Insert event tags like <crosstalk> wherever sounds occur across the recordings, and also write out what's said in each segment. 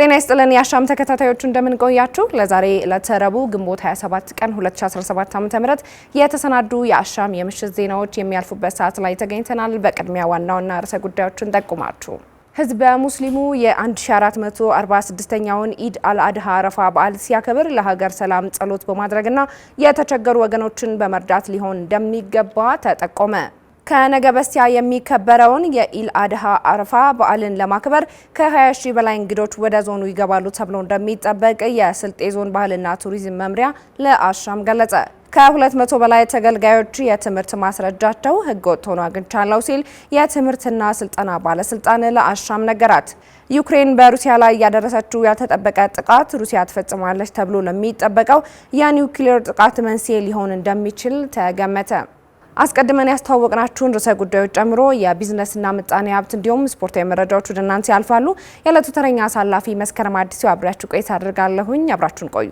ጤና ይስጥልን የአሻም ተከታታዮቹ እንደምን ቆያችሁ? ለዛሬ ለተረቡ ግንቦት 27 ቀን 2017 ዓ.ም የተሰናዱ የአሻም የምሽት ዜናዎች የሚያልፉበት ሰዓት ላይ ተገኝተናል። በቅድሚያ ዋና ዋና ርዕሰ ጉዳዮችን ጠቁማችሁ ህዝበ ሙስሊሙ የ1446ኛውን ኢድ አልአድሃ አረፋ በዓል ሲያከብር ለሀገር ሰላም ጸሎት በማድረግና የተቸገሩ ወገኖችን በመርዳት ሊሆን እንደሚገባ ተጠቆመ። ከነገ በስቲያ የሚከበረውን የኢል አድሃ አረፋ በዓልን ለማክበር ከ20 ሺ በላይ እንግዶች ወደ ዞኑ ይገባሉ ተብሎ እንደሚጠበቅ የስልጤ ዞን ባህልና ቱሪዝም መምሪያ ለአሻም ገለጸ። ከ200 በላይ ተገልጋዮች የትምህርት ማስረጃቸው ህገወጥ ሆኖ አግኝቻለሁ ሲል የትምህርትና ስልጠና ባለስልጣን ለአሻም ነገራት። ዩክሬን በሩሲያ ላይ ያደረሰችው ያልተጠበቀ ጥቃት ሩሲያ ትፈጽማለች ተብሎ ለሚጠበቀው የኒውክሌር ጥቃት መንስኤ ሊሆን እንደሚችል ተገመተ። አስቀድመን ያስተዋወቅናችሁን ርዕሰ ጉዳዮች ጨምሮ የቢዝነስና ምጣኔ ሀብት እንዲሁም ስፖርታዊ መረጃዎች ወደ እናንተ ያልፋሉ። የዕለቱ ተረኛ አሳላፊ መስከረም አዲሱ አብሪያችሁ ቆይታ አድርጋለሁኝ። አብራችሁን ቆዩ።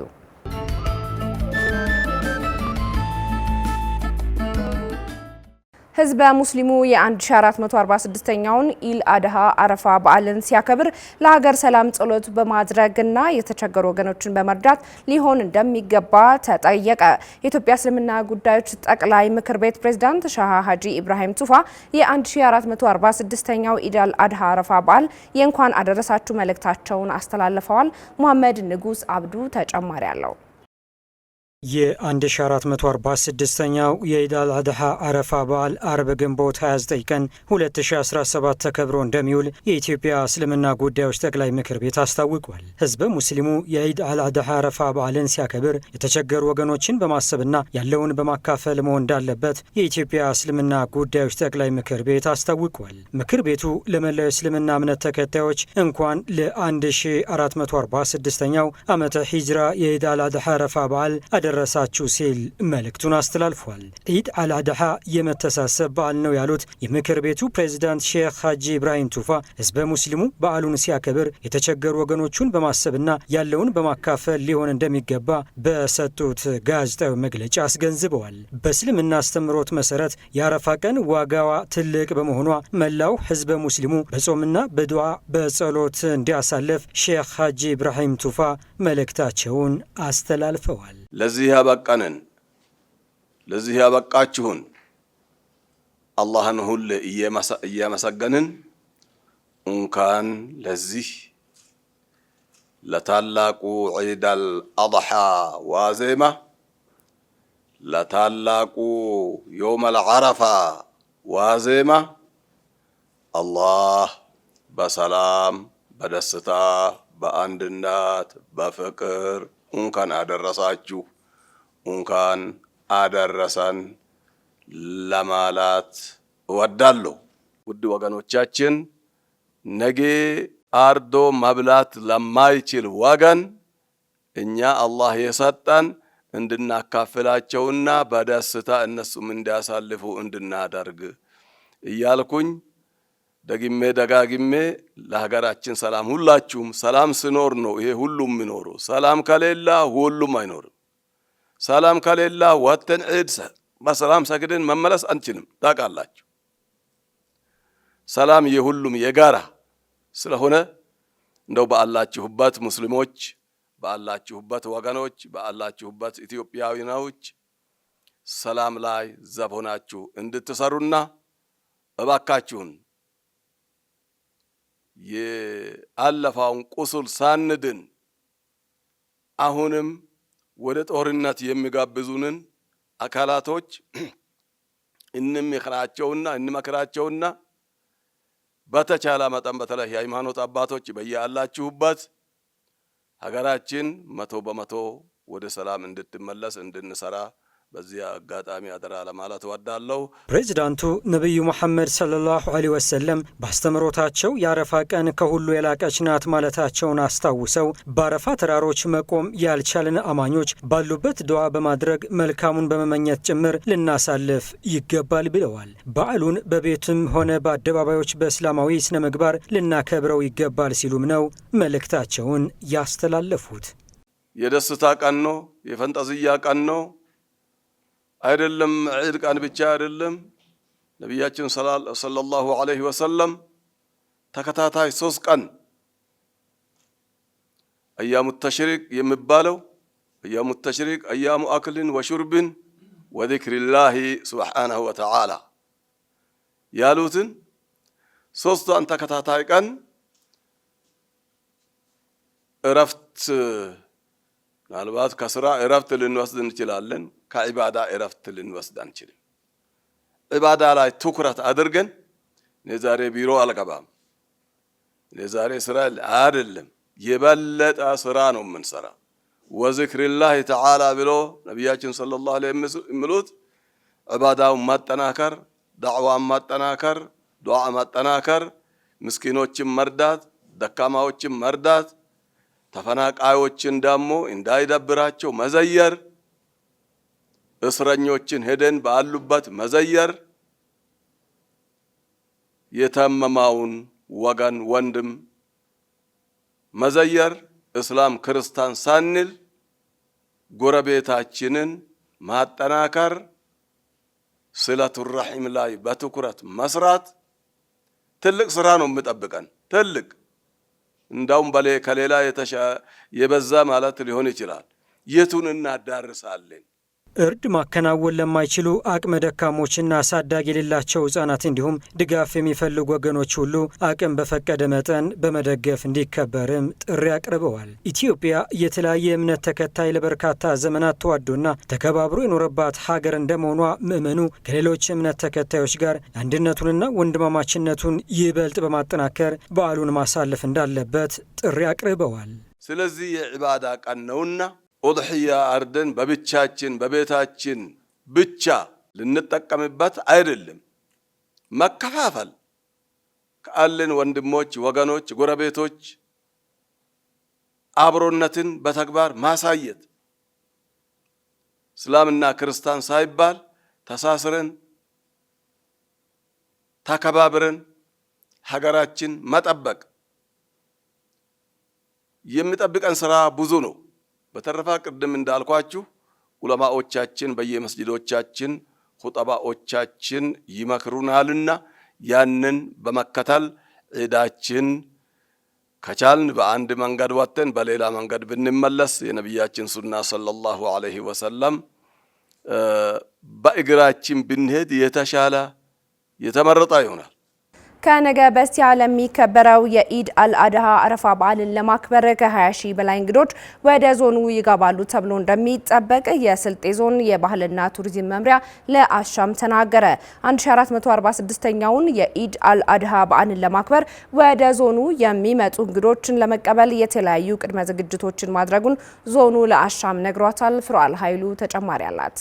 ህዝበ ሙስሊሙ የ1446ኛውን ኢል አድሃ አረፋ በዓልን ሲያከብር ለሀገር ሰላም ጸሎት በማድረግና የተቸገሩ ወገኖችን በመርዳት ሊሆን እንደሚገባ ተጠየቀ። የኢትዮጵያ እስልምና ጉዳዮች ጠቅላይ ምክር ቤት ፕሬዝዳንት ሻህ ሀጂ ኢብራሂም ቱፋ የ1446ኛው ኢዳል አድሃ አረፋ በዓል የእንኳን አደረሳችሁ መልእክታቸውን አስተላልፈዋል። ሙሐመድ ንጉስ አብዱ ተጨማሪ አለው። የ1446ኛው የኢድ አል አድሃ አረፋ በዓል አርብ ግንቦት 29 ቀን 2017 ተከብሮ እንደሚውል የኢትዮጵያ እስልምና ጉዳዮች ጠቅላይ ምክር ቤት አስታውቋል። ህዝበ ሙስሊሙ የኢድ አል አረፋ በዓልን ሲያከብር የተቸገሩ ወገኖችን በማሰብና ያለውን በማካፈል መሆን እንዳለበት የኢትዮጵያ እስልምና ጉዳዮች ጠቅላይ ምክር ቤት አስታውቋል። ምክር ቤቱ ለመላው እስልምና እምነት ተከታዮች እንኳን ለ1446ኛው ዓመተ ሂጅራ የኢድ አል አረፋ በዓል አደረሳችሁ ሲል መልእክቱን አስተላልፏል። ኢድ አልአድሓ የመተሳሰብ በዓል ነው ያሉት የምክር ቤቱ ፕሬዚዳንት ሼክ ሐጂ ኢብራሂም ቱፋ ህዝበ ሙስሊሙ በዓሉን ሲያከብር የተቸገሩ ወገኖቹን በማሰብና ያለውን በማካፈል ሊሆን እንደሚገባ በሰጡት ጋዜጣዊ መግለጫ አስገንዝበዋል። በእስልምና አስተምሮት መሰረት የአረፋ ቀን ዋጋዋ ትልቅ በመሆኗ መላው ህዝበ ሙስሊሙ በጾምና በዱዓ በጸሎት እንዲያሳለፍ ሼክ ሐጂ ኢብራሂም ቱፋ መልእክታቸውን አስተላልፈዋል። ለዚህ ያበቃንን ለዚህ ያበቃችሁን አላህን ሁል እያመሰገንን እንኳን ለዚህ ለታላቁ ዒድ አልአድሓ ዋዜማ ለታላቁ የውም አልዓረፋ ዋዜማ አላህ በሰላም በደስታ በአንድነት በፍቅር እንኳን አደረሳችሁ። እንኳን አደረሰን ለማላት እወዳለሁ። ውድ ወገኖቻችን ነገ አርዶ መብላት ለማይችል ወገን እኛ አላህ የሰጠን እንድናካፍላቸውና በደስታ እነሱም እንዲያሳልፉ እንድናደርግ እያልኩኝ ደግሜ ደጋግሜ ለሀገራችን ሰላም ሁላችሁም ሰላም ስኖር ነው ይሄ ሁሉም የሚኖሩ። ሰላም ከሌላ ሁሉም አይኖርም። ሰላም ከሌላ ወተን ዒድ በሰላም ሰግድን መመለስ አንችልም። ታውቃላችሁ፣ ሰላም የሁሉም የጋራ ስለሆነ እንደው በአላችሁበት ሙስሊሞች፣ በአላችሁበት ወገኖች፣ በአላችሁበት ኢትዮጵያዊኖች ሰላም ላይ ዘብ ሆናችሁ እንድትሰሩና እባካችሁን የአለፋውን ቁስል ሳንድን አሁንም ወደ ጦርነት የሚጋብዙንን አካላቶች <clears throat> እንምክራቸውና እንመክራቸውና በተቻለ መጠን በተለይ የሃይማኖት አባቶች በያላችሁበት ሀገራችን መቶ በመቶ ወደ ሰላም እንድትመለስ እንድንሰራ በዚህ አጋጣሚ አደራ ለማለት ወዳለው ፕሬዚዳንቱ ነቢዩ መሐመድ ሰለላሁ ዐለይሂ ወሰለም በአስተምሮታቸው የአረፋ ቀን ከሁሉ የላቀች ናት ማለታቸውን አስታውሰው በአረፋ ተራሮች መቆም ያልቻልን አማኞች ባሉበት ድዋ በማድረግ መልካሙን በመመኘት ጭምር ልናሳልፍ ይገባል ብለዋል። በዓሉን በቤትም ሆነ በአደባባዮች በእስላማዊ ስነ ምግባር ልናከብረው ይገባል ሲሉም ነው መልእክታቸውን ያስተላለፉት። የደስታ ቀን ነው። የፈንጠዝያ ቀን ነው። አይደለም ዕድቃን ብቻ አይደለም። ነቢያችን ሰለላሁ ዐለይሂ ወሰለም ተከታታይ ሶስት ቀን አያሙ ተሽሪቅ የሚባለው አያሙ ተሽሪቅ አያሙ አክልን ወሹርብን ወዚክሪላሂ ሱብሓነሁ ወተዓላ ያሉትን ሶስቷን ተከታታይ ቀን እረፍት ምናልባት ከስራ እረፍት ልንወስድ እንችላለን። ከኢባዳ እረፍት ልንወስድ አንችልም። ኢባዳ ላይ ትኩረት አድርገን ዛሬ ቢሮ አልገባም፣ ዛሬ ስራ አይደለም። የበለጠ ስራ ነው የምንሰራ። ወዝክርላህ ተዓላ ብሎ ነቢያችን ሰለላሁ ዐለይሂ ወሰለም የሚሉት ዕባዳውን ማጠናከር፣ ዳዕዋን ማጠናከር፣ ዱዓ ማጠናከር፣ ምስኪኖችን መርዳት፣ ደካማዎችን መርዳት ተፈናቃዮችን ደግሞ እንዳይደብራቸው መዘየር፣ እስረኞችን ሄደን ባሉበት መዘየር፣ የተመማውን ወገን ወንድም መዘየር፣ እስላም ክርስታን ሳንል ጎረቤታችንን ማጠናከር፣ ስለቱ ረሒም ላይ በትኩረት መስራት ትልቅ ስራ ነው የምጠብቀን ትልቅ እንዳውም ከሌላ የበዛ ማለት ሊሆን ይችላል። የቱን እናዳርሳለን? እርድ ማከናወን ለማይችሉ አቅመ ደካሞችና አሳዳጊ የሌላቸው ህጻናት እንዲሁም ድጋፍ የሚፈልጉ ወገኖች ሁሉ አቅም በፈቀደ መጠን በመደገፍ እንዲከበርም ጥሪ አቅርበዋል። ኢትዮጵያ የተለያየ እምነት ተከታይ ለበርካታ ዘመናት ተዋዶና ተከባብሮ የኖረባት ሀገር እንደመሆኗ ምዕመኑ ከሌሎች እምነት ተከታዮች ጋር አንድነቱንና ወንድማማችነቱን ይበልጥ በማጠናከር በዓሉን ማሳለፍ እንዳለበት ጥሪ አቅርበዋል። ስለዚህ የዕባዳ ቀን ነውና ኦድሕያ አርደን በብቻችን በቤታችን ብቻ ልንጠቀምበት አይደለም። መከፋፈል ካለን ወንድሞች፣ ወገኖች፣ ጎረቤቶች አብሮነትን በተግባር ማሳየት እስላምና ክርስቲያን ሳይባል ተሳስረን ተከባብረን ሀገራችን መጠበቅ የሚጠብቀን ስራ ብዙ ነው። በተረፋ ቅድም እንዳልኳችሁ ዑለማዎቻችን በየመስጅዶቻችን ሁጠባዎቻችን ይመክሩናልና ያንን በመከተል ዒዳችን ከቻልን በአንድ መንገድ ወጥተን በሌላ መንገድ ብንመለስ የነቢያችን ሱና ሰለላሁ ዐለይሂ ወሰለም በእግራችን ብንሄድ የተሻለ የተመረጠ ይሆናል። ከነገ በስቲያ ለሚከበረው የኢድ አልአድሃ አረፋ በዓልን ለማክበር ከ20 ሺህ በላይ እንግዶች ወደ ዞኑ ይገባሉ ተብሎ እንደሚጠበቅ የስልጤ ዞን የባህልና ቱሪዝም መምሪያ ለአሻም ተናገረ። 1446ኛውን የኢድ አልአድሃ በዓልን ለማክበር ወደ ዞኑ የሚመጡ እንግዶችን ለመቀበል የተለያዩ ቅድመ ዝግጅቶችን ማድረጉን ዞኑ ለአሻም ነግሯታል። ፍሯል ኃይሉ ተጨማሪ አላት።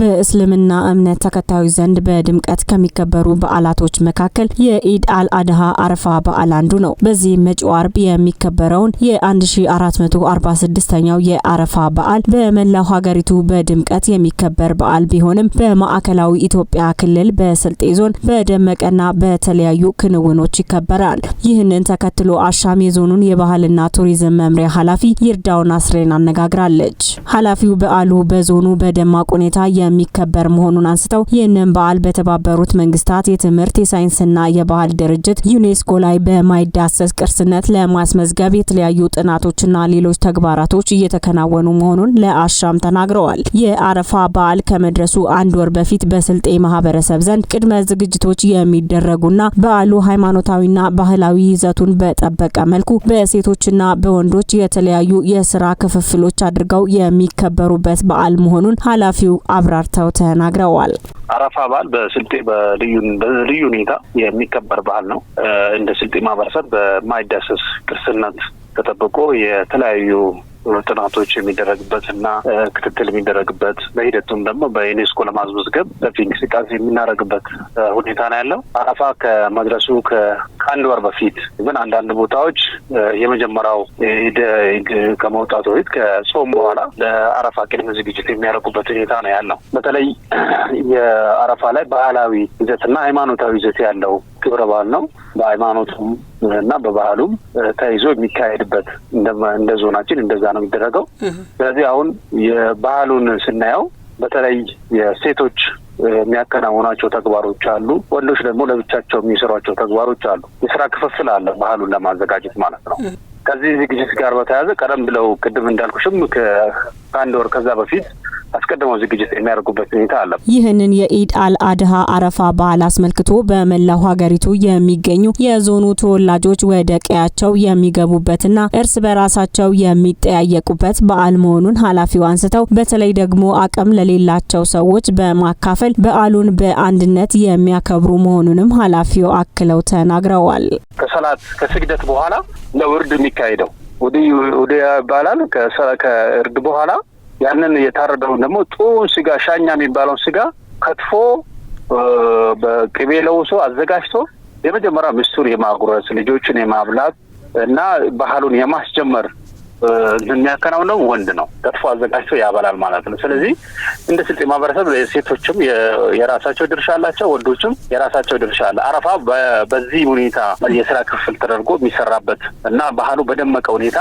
በእስልምና እምነት ተከታዮች ዘንድ በድምቀት ከሚከበሩ በዓላቶች መካከል የኢድ አል አድሃ አረፋ በዓል አንዱ ነው። በዚህ መጪው አርብ የሚከበረውን የ1446ኛው የአረፋ በዓል በመላው ሀገሪቱ በድምቀት የሚከበር በዓል ቢሆንም በማዕከላዊ ኢትዮጵያ ክልል በስልጤ ዞን በደመቀና በተለያዩ ክንውኖች ይከበራል። ይህንን ተከትሎ አሻም የዞኑን የባህልና ቱሪዝም መምሪያ ኃላፊ ይርዳውን አስሬን አነጋግራለች። ኃላፊው በዓሉ በዞኑ በደማቅ ሁኔታ የሚከበር መሆኑን አንስተው ይህንን በዓል በተባበሩት መንግስታት የትምህርት የሳይንስና የባህል ድርጅት ዩኔስኮ ላይ በማይዳሰስ ቅርስነት ለማስመዝገብ የተለያዩ ጥናቶችና ሌሎች ተግባራቶች እየተከናወኑ መሆኑን ለአሻም ተናግረዋል። የአረፋ በዓል ከመድረሱ አንድ ወር በፊት በስልጤ ማህበረሰብ ዘንድ ቅድመ ዝግጅቶች የሚደረጉና በዓሉ ሃይማኖታዊና ባህላዊ ይዘቱን በጠበቀ መልኩ በሴቶችና በወንዶች የተለያዩ የስራ ክፍፍሎች አድርገው የሚከበሩበት በዓል መሆኑን ኃላፊው አብ አብራርተው ተናግረዋል። አረፋ በዓል በስልጤ በልዩ ሁኔታ የሚከበር በዓል ነው። እንደ ስልጤ ማህበረሰብ በማይዳሰስ ቅርስነት ተጠብቆ የተለያዩ ጥናቶች የሚደረግበት እና ክትትል የሚደረግበት በሂደቱም ደግሞ በዩኔስኮ ለማስመዝገብ ሰፊ እንቅስቃሴ የምናደርግበት ሁኔታ ነው ያለው። አረፋ ከመድረሱ ከአንድ ወር በፊት ግን አንዳንድ ቦታዎች የመጀመሪያው ከመውጣቱ በፊት ከጾም በኋላ ለአረፋ ቅድመ ዝግጅት የሚያደርጉበት ሁኔታ ነው ያለው። በተለይ <clears throat> የአረፋ ላይ ባህላዊ ይዘትና ሃይማኖታዊ ይዘት ያለው ክብረ በዓል ነው። በሃይማኖቱም እና በባህሉም ተይዞ የሚካሄድበት እንደ ዞናችን እንደዛ ነው የሚደረገው። ስለዚህ አሁን የባህሉን ስናየው በተለይ የሴቶች የሚያከናውኗቸው ተግባሮች አሉ። ወንዶች ደግሞ ለብቻቸው የሚሰሯቸው ተግባሮች አሉ። የስራ ክፍፍል አለ ባህሉን ለማዘጋጀት ማለት ነው። ከዚህ ዝግጅት ጋር በተያያዘ ቀደም ብለው ቅድም እንዳልኩሽም ከአንድ ወር ከዛ በፊት አስቀድመው ዝግጅት የሚያደርጉበት ሁኔታ አለ። ይህንን የኢድ አል አድሃ አረፋ በዓል አስመልክቶ በመላው ሀገሪቱ የሚገኙ የዞኑ ተወላጆች ወደ ቀያቸው የሚገቡበትና እርስ በራሳቸው የሚጠያየቁበት በዓል መሆኑን ኃላፊው አንስተው በተለይ ደግሞ አቅም ለሌላቸው ሰዎች በማካፈል በዓሉን በአንድነት የሚያከብሩ መሆኑንም ኃላፊው አክለው ተናግረዋል። ከሰላት ከስግደት በኋላ ነው እርድ የሚካሄደው። ውድይ ይባላል። ከእርድ በኋላ ያንን የታረደውን ደግሞ ጥሩን ስጋ ሻኛ የሚባለውን ስጋ ከትፎ በቅቤ ለውሶ አዘጋጅቶ የመጀመሪያ ምስቱን የማጉረስ ልጆችን የማብላት እና ባህሉን የማስጀመር የሚያከናውነው ወንድ ነው። ጠጥፎ አዘጋጅቶ ያበላል ማለት ነው። ስለዚህ እንደ ስልጤ ማህበረሰብ ሴቶችም የራሳቸው ድርሻ አላቸው፣ ወንዶችም የራሳቸው ድርሻ አለ። አረፋ በዚህ ሁኔታ የስራ ክፍል ተደርጎ የሚሰራበት እና ባህሉ በደመቀ ሁኔታ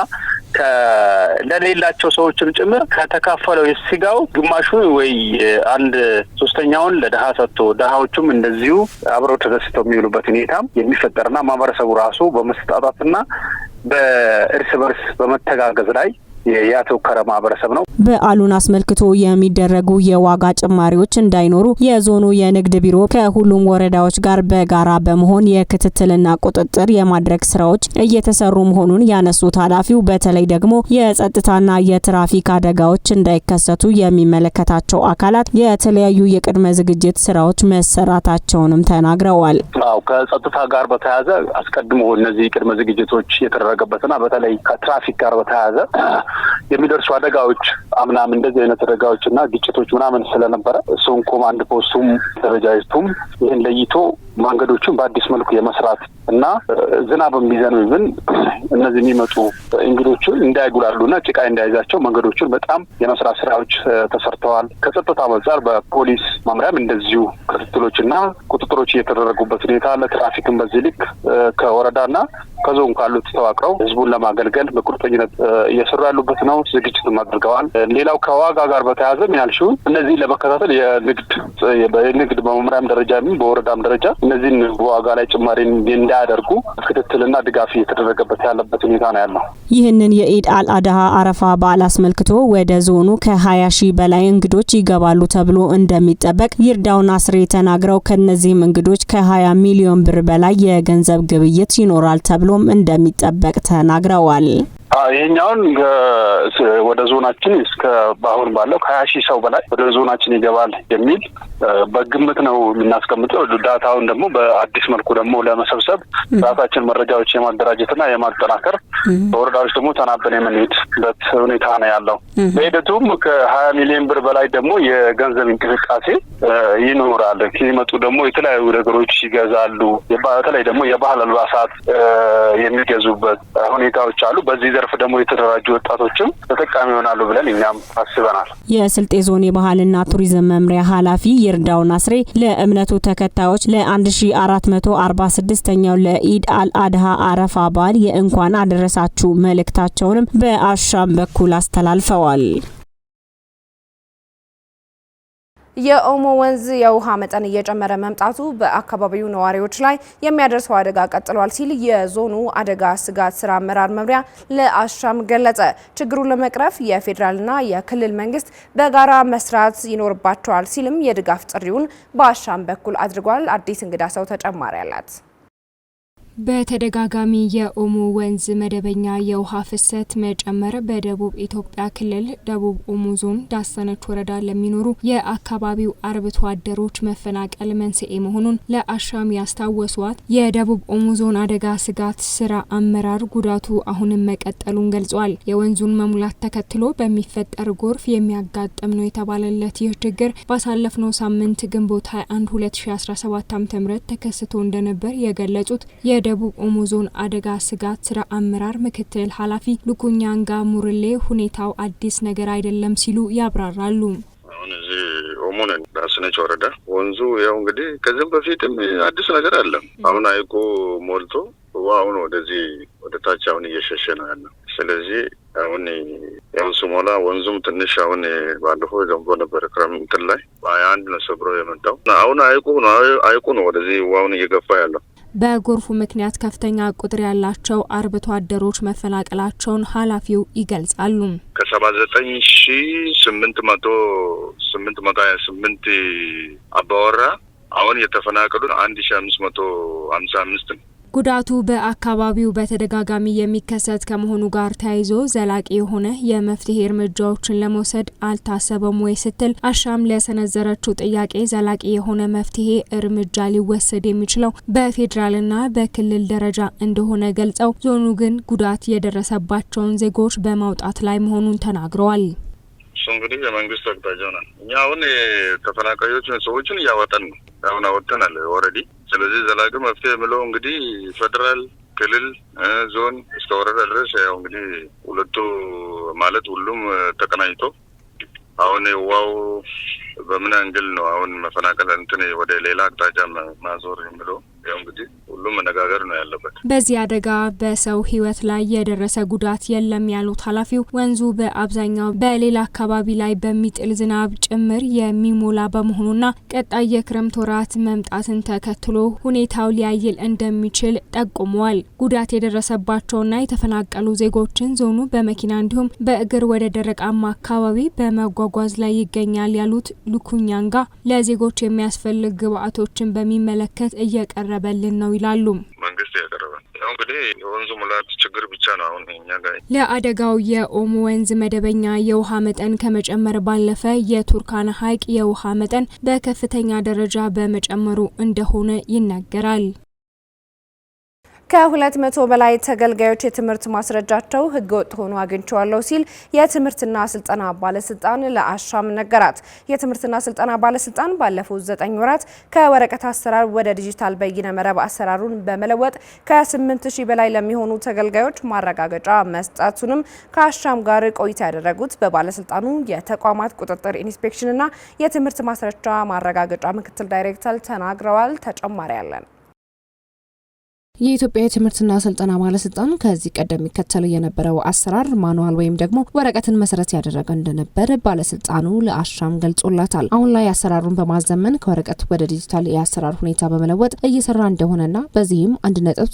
ለሌላቸው ሰዎችም ጭምር ከተካፈለው የስጋው ግማሹ ወይ አንድ ሶስተኛውን ለድሀ ሰጥቶ ድሀዎቹም እንደዚሁ አብረው ተደስተው የሚውሉበት ሁኔታም የሚፈጠርና ማህበረሰቡ ራሱ በመሰጣጣትና በእርስ በርስ በመተጋገዝ ላይ ያተወከረ ማህበረሰብ ነው። በዓሉን አስመልክቶ የሚደረጉ የዋጋ ጭማሪዎች እንዳይኖሩ የዞኑ የንግድ ቢሮ ከሁሉም ወረዳዎች ጋር በጋራ በመሆን የክትትልና ቁጥጥር የማድረግ ስራዎች እየተሰሩ መሆኑን ያነሱት ኃላፊው በተለይ ደግሞ የጸጥታና የትራፊክ አደጋዎች እንዳይከሰቱ የሚመለከታቸው አካላት የተለያዩ የቅድመ ዝግጅት ስራዎች መሰራታቸውንም ተናግረዋል። አዎ ከጸጥታ ጋር በተያያዘ አስቀድሞ እነዚህ ቅድመ ዝግጅቶች የተደረገበትና በተለይ ከትራፊክ ጋር በተያያዘ የሚደርሱ አደጋዎች አምናም እንደዚህ አይነት አደጋዎች እና ግጭቶች ምናምን ስለነበረ እሱን ኮማንድ ፖስቱም ደረጃጅቱም ይህን ለይቶ መንገዶችን በአዲስ መልኩ የመስራት እና ዝናብ የሚዘንብ ግን እነዚህ የሚመጡ እንግዶችን እንዳይጉላሉ እና ጭቃ እንዳይዛቸው መንገዶችን በጣም የመስራት ስራዎች ተሰርተዋል። ከጸጥታ መንጻር በፖሊስ መምሪያም እንደዚሁ ክትትሎች እና ቁጥጥሮች እየተደረጉበት ሁኔታ ለትራፊክም በዚህ ልክ ከወረዳና ከዞን ካሉት ተዋቅረው ህዝቡን ለማገልገል በቁርጠኝነት እየሰሩ ያሉ ያሉበት ነው። ዝግጅትም አድርገዋል። ሌላው ከዋጋ ጋር በተያያዘ ምናልሽውን እነዚህን ለመከታተል የንግድ የንግድ በመምሪያም ደረጃ በወረዳም ደረጃ እነዚህን ዋጋ ላይ ጭማሪ እንዳያደርጉ ክትትልና ድጋፍ እየተደረገበት ያለበት ሁኔታ ነው ያለው። ይህንን የኢድ አልአድሃ አረፋ በዓል አስመልክቶ ወደ ዞኑ ከሀያ ሺህ በላይ እንግዶች ይገባሉ ተብሎ እንደሚጠበቅ ይርዳውን አስሬ ተናግረው ከነዚህም እንግዶች ከሀያ ሚሊዮን ብር በላይ የገንዘብ ግብይት ይኖራል ተብሎም እንደሚጠበቅ ተናግረዋል። ይህኛውን ወደ ዞናችን እስከ በአሁን ባለው ከሀያ ሺህ ሰው በላይ ወደ ዞናችን ይገባል የሚል በግምት ነው የምናስቀምጠው። ዳታውን ደግሞ በአዲስ መልኩ ደግሞ ለመሰብሰብ ራሳችን መረጃዎች የማደራጀትና የማጠናከር በወረዳዎች ደግሞ ተናበን የምንሄድበት ሁኔታ ነው ያለው። በሂደቱም ከሀያ ሚሊዮን ብር በላይ ደግሞ የገንዘብ እንቅስቃሴ ይኖራል። ሲመጡ ደግሞ የተለያዩ ነገሮች ይገዛሉ። በተለይ ደግሞ የባህል አልባሳት የሚገዙበት ሁኔታዎች አሉ በዚህ ዘርፍ ደግሞ የተደራጁ ወጣቶችም ተጠቃሚ ይሆናሉ ብለን እኛም አስበናል። የስልጤ ዞን የባህልና ቱሪዝም መምሪያ ኃላፊ ይርዳው አስሬ ለእምነቱ ተከታዮች ለ1446ኛው ለኢድ አልአድሃ አረፋ በዓል የእንኳን አደረሳችሁ መልእክታቸውንም በአሻም በኩል አስተላልፈዋል። የኦሞ ወንዝ የውሃ መጠን እየጨመረ መምጣቱ በአካባቢው ነዋሪዎች ላይ የሚያደርሰው አደጋ ቀጥሏል ሲል የዞኑ አደጋ ስጋት ስራ አመራር መምሪያ ለአሻም ገለጸ። ችግሩን ለመቅረፍ የፌዴራልና የክልል መንግስት በጋራ መስራት ይኖርባቸዋል ሲልም የድጋፍ ጥሪውን በአሻም በኩል አድርጓል። አዲስ እንግዳ ሰው ተጨማሪ አላት። በተደጋጋሚ የኦሞ ወንዝ መደበኛ የውሃ ፍሰት መጨመር በደቡብ ኢትዮጵያ ክልል ደቡብ ኦሞ ዞን ዳሰነች ወረዳ ለሚኖሩ የአካባቢው አርብቶ አደሮች መፈናቀል መንስኤ መሆኑን ለአሻም ያስታወሷት የደቡብ ኦሞ ዞን አደጋ ስጋት ስራ አመራር ጉዳቱ አሁንም መቀጠሉን ገልጿል። የወንዙን መሙላት ተከትሎ በሚፈጠር ጎርፍ የሚያጋጥም ነው የተባለለት ይህ ችግር ባሳለፍነው ሳምንት ግንቦት 21 2017 ዓ ም ተከስቶ እንደነበር የገለጹት የደቡብ ኦሞ ዞን አደጋ ስጋት ስራ አመራር ምክትል ኃላፊ ልኩኛንጋ ሙርሌ ሁኔታው አዲስ ነገር አይደለም ሲሉ ያብራራሉ። አሁን እዚህ ኦሞ ነን በአስነች ወረዳ ወንዙ ያው እንግዲህ ከዚህም በፊትም አዲስ ነገር አለም። አሁን ሀይቁ ሞልቶ አሁን ወደዚህ ወደ ታች አሁን እየሸሸ ነው ያለው። ስለዚህ አሁን ያው ስሞላ ወንዙም ትንሽ አሁን ባለፈው ዘንቦ ነበር ክረምትን ላይ በሀያ አንድ ነው ሰብሮ የመጣው። አሁን አይቁ ነው አይቁ ነው ወደዚህ ውሃውን እየገፋ ያለው በጎርፉ ምክንያት ከፍተኛ ቁጥር ያላቸው አርብቶ አደሮች መፈናቀላቸውን ኃላፊው ይገልጻሉ። ከሰባ ዘጠኝ ሺ ስምንት መቶ ስምንት መቶ ሀያ ስምንት አባወራ አሁን የተፈናቀሉን አንድ ሺ አምስት መቶ ሀምሳ አምስት ነው። ጉዳቱ በአካባቢው በተደጋጋሚ የሚከሰት ከመሆኑ ጋር ተያይዞ ዘላቂ የሆነ የመፍትሄ እርምጃዎችን ለመውሰድ አልታሰበም ወይ ስትል አሻም ለሰነዘረችው ጥያቄ ዘላቂ የሆነ መፍትሄ እርምጃ ሊወሰድ የሚችለው በፌዴራልና በክልል ደረጃ እንደሆነ ገልጸው፣ ዞኑ ግን ጉዳት የደረሰባቸውን ዜጎች በማውጣት ላይ መሆኑን ተናግረዋል። እሱ እንግዲህ የመንግስት አቅጣጫ ነው። እኛ አሁን ተፈናቃዮች ሰዎችን እያወጠን ነው። አሁን አወጥተናል ኦልሬዲ ስለዚህ ዘላቂ መፍትሄ የምለው እንግዲህ ፌደራል ክልል ዞን እስከ ወረዳ ድረስ ያው እንግዲህ ሁለቱ ማለት ሁሉም ተቀናኝቶ አሁን የዋው በምን አንግል ነው አሁን መፈናቀል እንትን ወደ ሌላ አቅጣጫ ማዞር የሚለው ያው እንግዲህ ሁሉም መነጋገር ነው ያለበት። በዚህ አደጋ በሰው ህይወት ላይ የደረሰ ጉዳት የለም ያሉት ኃላፊው ወንዙ በአብዛኛው በሌላ አካባቢ ላይ በሚጥል ዝናብ ጭምር የሚሞላ በመሆኑና ቀጣይ የክረምት ወራት መምጣትን ተከትሎ ሁኔታው ሊያይል እንደሚችል ጠቁመዋል። ጉዳት የደረሰባቸውና የተፈናቀሉ ዜጎችን ዞኑ በመኪና እንዲሁም በእግር ወደ ደረቃማ አካባቢ በመጓጓዝ ላይ ይገኛል ያሉት ሉኩኛንጋ ለዜጎች የሚያስፈልግ ግብአቶችን በሚመለከት እየቀረበልን ነው ይላሉ። መንግስት ያቀረበ እንግዲህ የወንዙ ሙላት ችግር ብቻ ነው አሁን እኛ ጋር። ለአደጋው የኦሞ ወንዝ መደበኛ የውሃ መጠን ከመጨመር ባለፈ የቱርካና ሐይቅ የውሃ መጠን በከፍተኛ ደረጃ በመጨመሩ እንደሆነ ይናገራል። ከሁለት መቶ በላይ ተገልጋዮች የትምህርት ማስረጃቸው ህገወጥ ሆኖ አግኝቸዋለሁ ሲል የትምህርትና ስልጠና ባለስልጣን ለአሻም ነገራት። የትምህርትና ስልጠና ባለስልጣን ባለፉት ዘጠኝ ወራት ከወረቀት አሰራር ወደ ዲጂታል በይነ መረብ አሰራሩን በመለወጥ ከ8000 በላይ ለሚሆኑ ተገልጋዮች ማረጋገጫ መስጠቱንም ከአሻም ጋር ቆይታ ያደረጉት በባለስልጣኑ የተቋማት ቁጥጥር ኢንስፔክሽንና የትምህርት ማስረጃ ማረጋገጫ ምክትል ዳይሬክተር ተናግረዋል። ተጨማሪ አለን። የኢትዮጵያ የትምህርትና ስልጠና ባለስልጣን ከዚህ ቀደም የሚከተለው የነበረው አሰራር ማኑዋል ወይም ደግሞ ወረቀትን መሰረት ያደረገ እንደነበር ባለስልጣኑ ለአሻም ገልጾላታል። አሁን ላይ አሰራሩን በማዘመን ከወረቀት ወደ ዲጂታል የአሰራር ሁኔታ በመለወጥ እየሰራ እንደሆነና በዚህም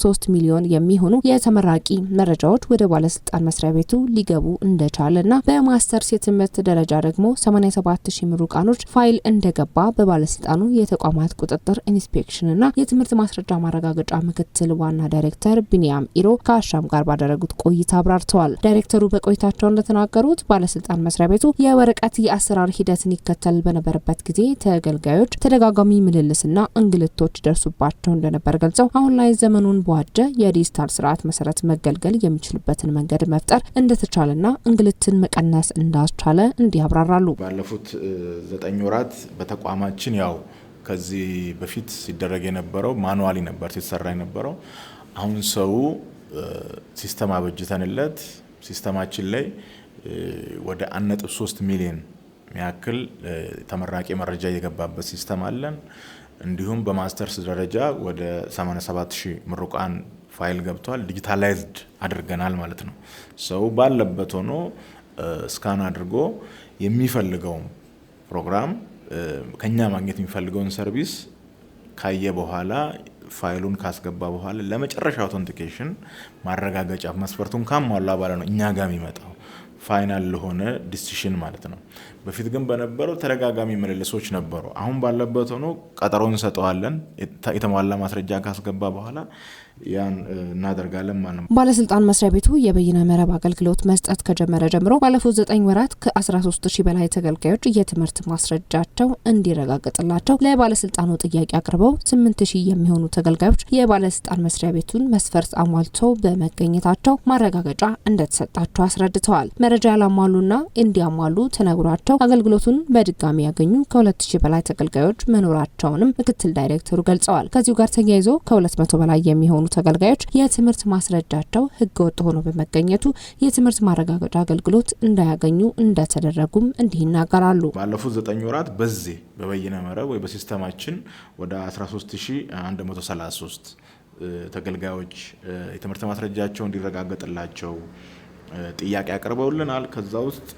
ሶስት ሚሊዮን የሚሆኑ የተመራቂ መረጃዎች ወደ ባለስልጣን መስሪያ ቤቱ ሊገቡ እንደቻለና በማስተርስ የትምህርት ደረጃ ደግሞ 87 ሺህ ምሩቃኖች ፋይል እንደገባ በባለስልጣኑ የተቋማት ቁጥጥር ኢንስፔክሽንና የትምህርት ማስረጃ ማረጋገጫ ምክትል ዋና ዳይሬክተር ቢኒያም ኢሮ ከአሻም ጋር ባደረጉት ቆይታ አብራርተዋል። ዳይሬክተሩ በቆይታቸው እንደተናገሩት ባለስልጣን መስሪያ ቤቱ የወረቀት የአሰራር ሂደትን ይከተል በነበረበት ጊዜ ተገልጋዮች ተደጋጋሚ ምልልስና እንግልቶች ደርሱባቸው እንደነበር ገልጸው አሁን ላይ ዘመኑን በዋጀ የዲጂታል ስርዓት መሰረት መገልገል የሚችልበትን መንገድ መፍጠር እንደተቻለና እንግልትን መቀነስ እንዳስቻለ እንዲህ አብራራሉ። ባለፉት ዘጠኝ ወራት በተቋማችን ያው ከዚህ በፊት ሲደረግ የነበረው ማኑዋሊ ነበር ሲሰራ የነበረው። አሁን ሰው ሲስተም አበጅተንለት ሲስተማችን ላይ ወደ 1.3 ሚሊዮን ያክል ተመራቂ መረጃ እየገባበት ሲስተም አለን። እንዲሁም በማስተርስ ደረጃ ወደ 87 ሺህ ምሩቃን ፋይል ገብቷል። ዲጂታላይዝድ አድርገናል ማለት ነው። ሰው ባለበት ሆኖ ስካን አድርጎ የሚፈልገውም ፕሮግራም ከኛ ማግኘት የሚፈልገውን ሰርቪስ ካየ በኋላ ፋይሉን ካስገባ በኋላ ለመጨረሻ አውቶንቲኬሽን ማረጋገጫ መስፈርቱን ካሟላ በኋላ ነው እኛ ጋር የሚመጣው ፋይናል ለሆነ ዲሲሽን ማለት ነው። በፊት ግን በነበረው ተደጋጋሚ ምልልሶች ነበሩ። አሁን ባለበት ሆኖ ቀጠሮ እንሰጠዋለን። የተሟላ ማስረጃ ካስገባ በኋላ ያን እናደርጋለን ማለት ነው። ባለስልጣን መስሪያ ቤቱ የበይነ መረብ አገልግሎት መስጠት ከጀመረ ጀምሮ ባለፉት ዘጠኝ ወራት ከ13 ሺህ በላይ ተገልጋዮች የትምህርት ማስረጃቸው እንዲረጋገጥላቸው ለባለስልጣኑ ጥያቄ አቅርበው 8 ሺህ የሚሆኑ ተገልጋዮች የባለስልጣን መስሪያ ቤቱን መስፈርት አሟልቶ በመገኘታቸው ማረጋገጫ እንደተሰጣቸው አስረድተዋል። መረጃ ያላሟሉና እንዲያሟሉ ተነግሯቸው ተገኝተው አገልግሎቱን በድጋሚ ያገኙ ከ ሺህ በላይ ተገልጋዮች መኖራቸውንም ምክትል ዳይሬክተሩ ገልጸዋል። ከዚሁ ጋር ተያይዞ ከ200 በላይ የሚሆኑ ተገልጋዮች የትምህርት ማስረጃቸው ህገወጥ ሆኖ በመገኘቱ የትምህርት ማረጋገጫ አገልግሎት እንዳያገኙ እንደተደረጉም እንዲህ ይናገራሉ። ባለፉት ዘጠኝ ወራት በዚህ በበይነ መረብ ወይ በሲስተማችን ወደ 13133 ተገልጋዮች የትምህርት ማስረጃቸው እንዲረጋገጥላቸው ጥያቄ አቅርበውልናል። ከዛ ውስጥ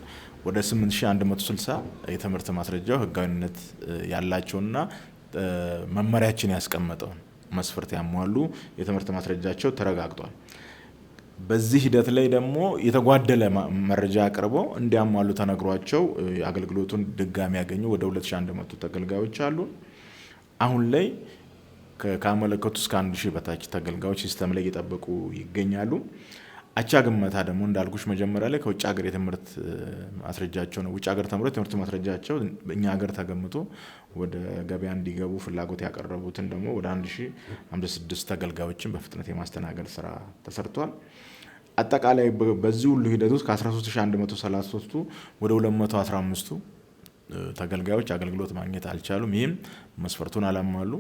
ወደ 8160 የትምህርት ማስረጃው ህጋዊነት ያላቸውና መመሪያችን ያስቀመጠውን መስፈርት ያሟሉ የትምህርት ማስረጃቸው ተረጋግጧል። በዚህ ሂደት ላይ ደግሞ የተጓደለ መረጃ አቅርበው እንዲያሟሉ ተነግሯቸው አገልግሎቱን ድጋሚ ያገኙ ወደ 2100 ተገልጋዮች አሉ። አሁን ላይ ካመለከቱ እስከ 1000 በታች ተገልጋዮች ሲስተም ላይ እየጠበቁ ይገኛሉ። አቻ ግመታ ደግሞ እንዳልኩሽ መጀመሪያ ላይ ከውጭ ሀገር የትምህርት ማስረጃቸው ነው። ውጭ ሀገር ተምሮ የትምህርት ማስረጃቸው እኛ ሀገር ተገምቶ ወደ ገበያ እንዲገቡ ፍላጎት ያቀረቡትን ደግሞ ወደ 1056 ተገልጋዮችን በፍጥነት የማስተናገድ ስራ ተሰርቷል። አጠቃላይ በዚህ ሁሉ ሂደት ውስጥ ከ13133ቱ ወደ 215ቱ ተገልጋዮች አገልግሎት ማግኘት አልቻሉም። ይህም መስፈርቱን አላማሉ።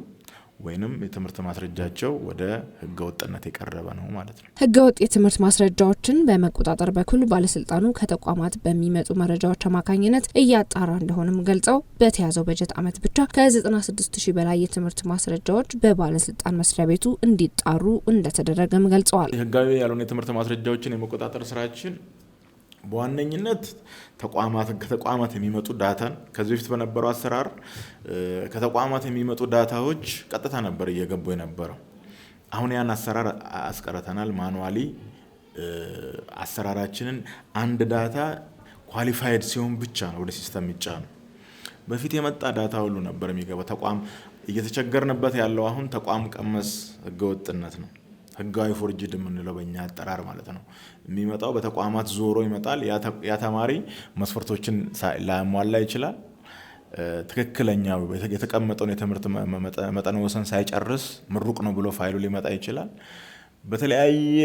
ወይንም የትምህርት ማስረጃቸው ወደ ህገ ወጥነት የቀረበ ነው ማለት ነው። ህገ ወጥ የትምህርት ማስረጃዎችን በመቆጣጠር በኩል ባለስልጣኑ ከተቋማት በሚመጡ መረጃዎች አማካኝነት እያጣራ እንደሆነም ገልጸው በተያዘው በጀት ዓመት ብቻ ከ96 ሺ በላይ የትምህርት ማስረጃዎች በባለስልጣን መስሪያ ቤቱ እንዲጣሩ እንደተደረገም ገልጸዋል። ህጋዊ ያልሆነ የትምህርት ማስረጃዎችን የመቆጣጠር ስራችን በዋነኝነት ተቋማት ከተቋማት የሚመጡ ዳታን ከዚህ በፊት በነበረው አሰራር ከተቋማት የሚመጡ ዳታዎች ቀጥታ ነበር እየገቡ የነበረው። አሁን ያን አሰራር አስቀርተናል። ማኑዋሊ አሰራራችንን አንድ ዳታ ኳሊፋይድ ሲሆን ብቻ ነው ወደ ሲስተም ነው። በፊት የመጣ ዳታ ሁሉ ነበር የሚገባ። ተቋም እየተቸገርንበት ያለው አሁን ተቋም ቀመስ ህገወጥነት ነው። ህጋዊ ፎርጅድ የምንለው በእኛ አጠራር ማለት ነው። የሚመጣው በተቋማት ዞሮ ይመጣል። ያ ተማሪ መስፈርቶችን ላሟላ ይችላል። ትክክለኛው የተቀመጠውን የትምህርት መጠን ወሰን ሳይጨርስ ምሩቅ ነው ብሎ ፋይሉ ሊመጣ ይችላል። በተለያየ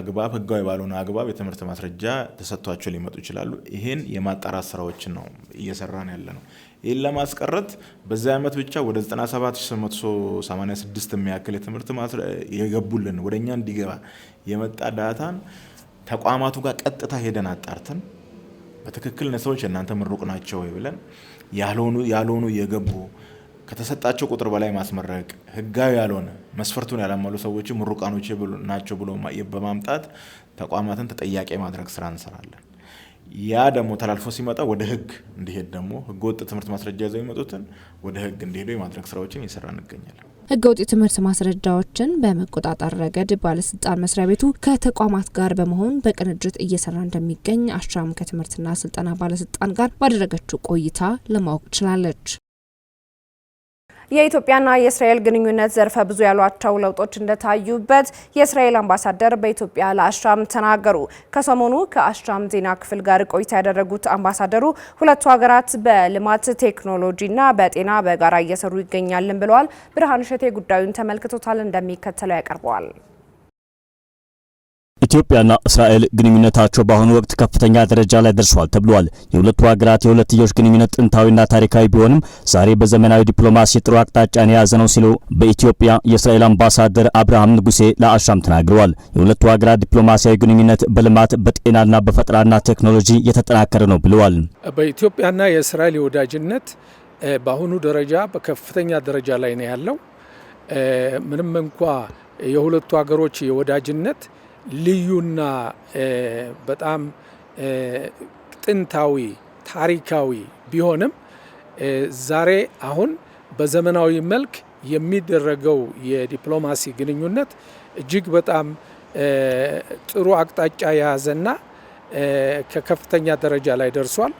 አግባብ ህጋዊ ባልሆነ አግባብ የትምህርት ማስረጃ ተሰጥቷቸው ሊመጡ ይችላሉ። ይህን የማጣራት ስራዎችን ነው እየሰራን ያለ ነው። ይህን ለማስቀረት በዚህ ዓመት ብቻ ወደ 97886 የሚያክል የትምህርት የገቡልን ወደ እኛ እንዲገባ የመጣ ዳታን ተቋማቱ ጋር ቀጥታ ሄደን አጣርተን በትክክል ሰዎች እናንተ ምሩቅ ናቸው ወይ ብለን ያልሆኑ የገቡ ከተሰጣቸው ቁጥር በላይ ማስመረቅ ህጋዊ ያልሆነ መስፈርቱን ያላመሉ ሰዎች ምሩቃኖች ናቸው ብሎ በማምጣት ተቋማትን ተጠያቂ ማድረግ ስራ እንሰራለን። ያ ደግሞ ተላልፎ ሲመጣ ወደ ህግ እንዲሄድ ደግሞ ህገወጥ ትምህርት ማስረጃ ይዘው የሚመጡትን ወደ ህግ እንዲሄዱ የማድረግ ስራዎችን እየሰራ እንገኛለን። ህገወጥ የትምህርት ማስረጃዎችን በመቆጣጠር ረገድ ባለስልጣን መስሪያ ቤቱ ከተቋማት ጋር በመሆን በቅንጅት እየሰራ እንደሚገኝ አሻም ከትምህርትና ስልጠና ባለስልጣን ጋር ባደረገችው ቆይታ ለማወቅ ችላለች። የኢትዮጵያና የእስራኤል ግንኙነት ዘርፈ ብዙ ያሏቸው ለውጦች እንደታዩበት የእስራኤል አምባሳደር በኢትዮጵያ ለአሻም ተናገሩ። ከሰሞኑ ከአሻም ዜና ክፍል ጋር ቆይታ ያደረጉት አምባሳደሩ ሁለቱ ሀገራት በልማት ቴክኖሎጂና በጤና በጋራ እየሰሩ ይገኛልን ብለዋል። ብርሃን እሸቴ ጉዳዩን ተመልክቶታል፣ እንደሚከተለው ያቀርበዋል። ኢትዮጵያና እስራኤል ግንኙነታቸው በአሁኑ ወቅት ከፍተኛ ደረጃ ላይ ደርሷል ተብሏል። የሁለቱ ሀገራት የሁለትዮሽ ግንኙነት ጥንታዊና ታሪካዊ ቢሆንም ዛሬ በዘመናዊ ዲፕሎማሲ ጥሩ አቅጣጫን የያዘ ነው ሲሉ በኢትዮጵያ የእስራኤል አምባሳደር አብርሃም ንጉሴ ለአሻም ተናግረዋል። የሁለቱ ሀገራት ዲፕሎማሲያዊ ግንኙነት በልማት በጤናና በፈጠራና ቴክኖሎጂ የተጠናከረ ነው ብለዋል። በኢትዮጵያና የእስራኤል የወዳጅነት በአሁኑ ደረጃ በከፍተኛ ደረጃ ላይ ነው ያለው ምንም እንኳ የሁለቱ ሀገሮች የወዳጅነት ልዩና በጣም ጥንታዊ ታሪካዊ ቢሆንም ዛሬ አሁን በዘመናዊ መልክ የሚደረገው የዲፕሎማሲ ግንኙነት እጅግ በጣም ጥሩ አቅጣጫ የያዘና ከከፍተኛ ደረጃ ላይ ደርሷል።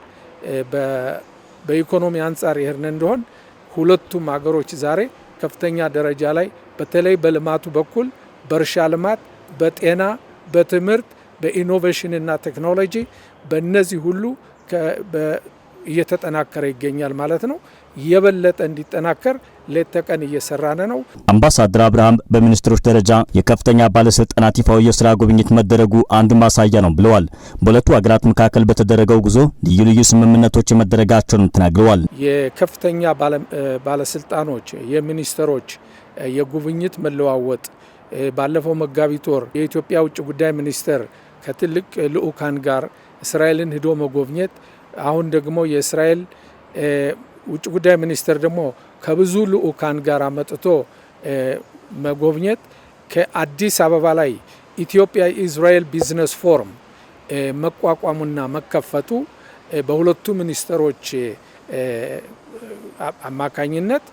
በኢኮኖሚ አንጻር ይህን እንደሆን ሁለቱም ሀገሮች ዛሬ ከፍተኛ ደረጃ ላይ በተለይ በልማቱ በኩል በእርሻ ልማት በጤና፣ በትምህርት፣ በኢኖቬሽንና ቴክኖሎጂ በእነዚህ ሁሉ እየተጠናከረ ይገኛል ማለት ነው። የበለጠ እንዲጠናከር ሌት ተቀን እየሰራን ነው። አምባሳደር አብርሃም በሚኒስትሮች ደረጃ የከፍተኛ ባለስልጣናት ይፋዊ የስራ ጉብኝት መደረጉ አንድ ማሳያ ነው ብለዋል። በሁለቱ ሀገራት መካከል በተደረገው ጉዞ ልዩ ልዩ ስምምነቶች መደረጋቸውንም ተናግረዋል። የከፍተኛ ባለስልጣኖች የሚኒስትሮች የጉብኝት መለዋወጥ ባለፈው መጋቢት ወር የኢትዮጵያ ውጭ ጉዳይ ሚኒስቴር ከትልቅ ልዑካን ጋር እስራኤልን ሂዶ መጎብኘት፣ አሁን ደግሞ የእስራኤል ውጭ ጉዳይ ሚኒስቴር ደግሞ ከብዙ ልዑካን ጋር መጥቶ መጎብኘት ከአዲስ አበባ ላይ ኢትዮጵያ ኢዝራኤል ቢዝነስ ፎርም መቋቋሙና መከፈቱ በሁለቱ ሚኒስትሮች አማካኝነት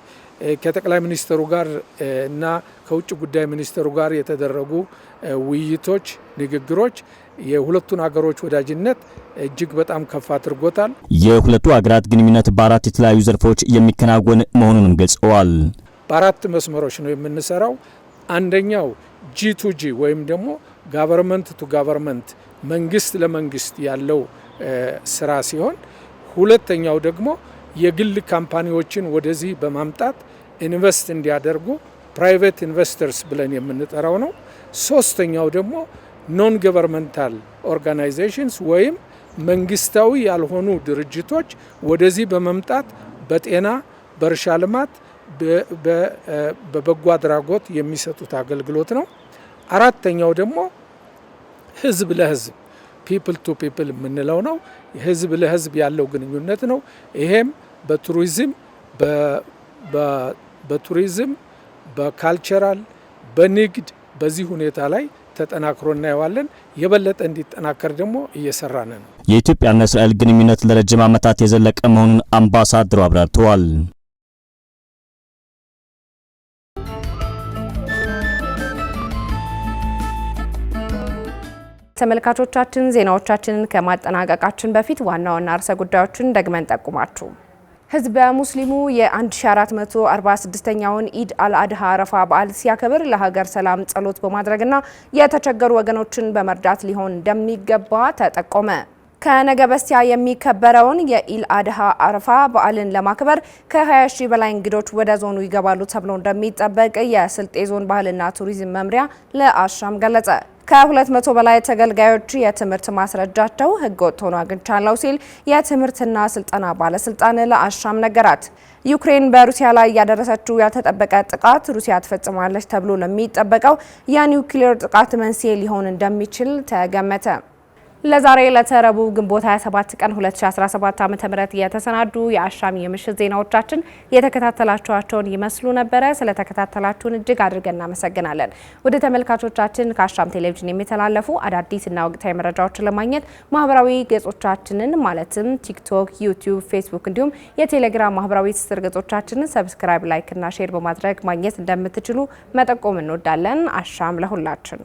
ከጠቅላይ ሚኒስትሩ ጋር እና ከውጭ ጉዳይ ሚኒስትሩ ጋር የተደረጉ ውይይቶች፣ ንግግሮች የሁለቱን ሀገሮች ወዳጅነት እጅግ በጣም ከፍ አድርጎታል። የሁለቱ ሀገራት ግንኙነት በአራት የተለያዩ ዘርፎች የሚከናወን መሆኑንም ገልጸዋል። በአራት መስመሮች ነው የምንሰራው። አንደኛው ጂቱጂ ወይም ደግሞ ጋቨርመንት ቱ ጋቨርንመንት መንግስት ለመንግስት ያለው ስራ ሲሆን ሁለተኛው ደግሞ የግል ካምፓኒዎችን ወደዚህ በማምጣት ኢንቨስት እንዲያደርጉ ፕራይቬት ኢንቨስተርስ ብለን የምንጠራው ነው። ሶስተኛው ደግሞ ኖን ገቨርንመንታል ኦርጋናይዜሽንስ ወይም መንግስታዊ ያልሆኑ ድርጅቶች ወደዚህ በመምጣት በጤና፣ በእርሻ ልማት፣ በበጎ አድራጎት የሚሰጡት አገልግሎት ነው። አራተኛው ደግሞ ህዝብ ለህዝብ ፒፕል ቱ ፒፕል የምንለው ነው። ህዝብ ለህዝብ ያለው ግንኙነት ነው። ይሄም በቱሪዝም በቱሪዝም በካልቸራል በንግድ በዚህ ሁኔታ ላይ ተጠናክሮ እናየዋለን። የበለጠ እንዲጠናከር ደግሞ እየሰራን ነው። የኢትዮጵያና እስራኤል ግንኙነት ለረጅም ዓመታት የዘለቀ መሆኑን አምባሳደሩ አብራርተዋል። ተመልካቾቻችን ዜናዎቻችንን ከማጠናቀቃችን በፊት ዋና ዋና ርዕሰ ጉዳዮችን ደግመን ጠቁማችሁ ህዝበ ሙስሊሙ የ1446ኛውን ኢድ አልአድሃ አረፋ በዓል ሲያከብር ለሀገር ሰላም ጸሎት በማድረግና የተቸገሩ ወገኖችን በመርዳት ሊሆን እንደሚገባ ተጠቆመ። ከነገ በስቲያ የሚከበረውን የኢል አድሃ አረፋ በዓልን ለማክበር ከ20 ሺ በላይ እንግዶች ወደ ዞኑ ይገባሉ ተብሎ እንደሚጠበቅ የስልጤ ዞን ባህልና ቱሪዝም መምሪያ ለአሻም ገለጸ። ከ200 በላይ ተገልጋዮች የትምህርት ማስረጃቸው ህገወጥ ሆኖ አግኝቻለሁ ሲል የትምህርትና ስልጠና ባለስልጣን ለአሻም ነገራት። ዩክሬን በሩሲያ ላይ ያደረሰችው ያልተጠበቀ ጥቃት ሩሲያ ትፈጽማለች ተብሎ ለሚጠበቀው የኒውክሌር ጥቃት መንስኤ ሊሆን እንደሚችል ተገመተ። ለዛሬ ለተረቡ ግንቦት 27 ቀን 2017 ዓ.ም የተሰናዱ የአሻም የምሽት ዜናዎቻችን የተከታተላችኋቸውን ይመስሉ ነበረ። ስለተከታተላችሁን እጅግ አድርገን እናመሰግናለን። ወደ ተመልካቾቻችን ከአሻም ቴሌቪዥን የሚተላለፉ አዳዲስ እና ወቅታዊ መረጃዎችን ለማግኘት ማህበራዊ ገጾቻችንን ማለትም ቲክቶክ፣ ዩቲዩብ፣ ፌስቡክ እንዲሁም የቴሌግራም ማህበራዊ ትስስር ገጾቻችንን ሰብስክራይብ፣ ላይክ እና ሼር በማድረግ ማግኘት እንደምትችሉ መጠቆም እንወዳለን። አሻም ለሁላችን!